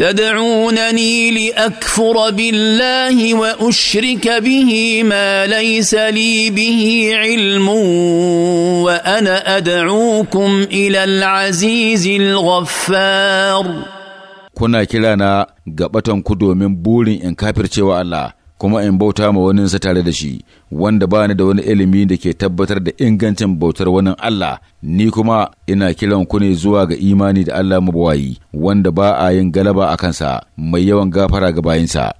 تدعونني لاكفر بالله واشرك به ما ليس لي به علم وانا ادعوكم الى العزيز الغفار kuna kirana gabatan ku domin burin in kafircewa Allah kuma in bauta ma waninsa tare da shi wanda ba ni da wani ilimi da ke tabbatar da ingancin bautar wani Allah ni kuma ina kiran ku ne zuwa ga imani da Allah mabawayi wanda ba a yin galaba a kansa mai yawan gafara ga bayinsa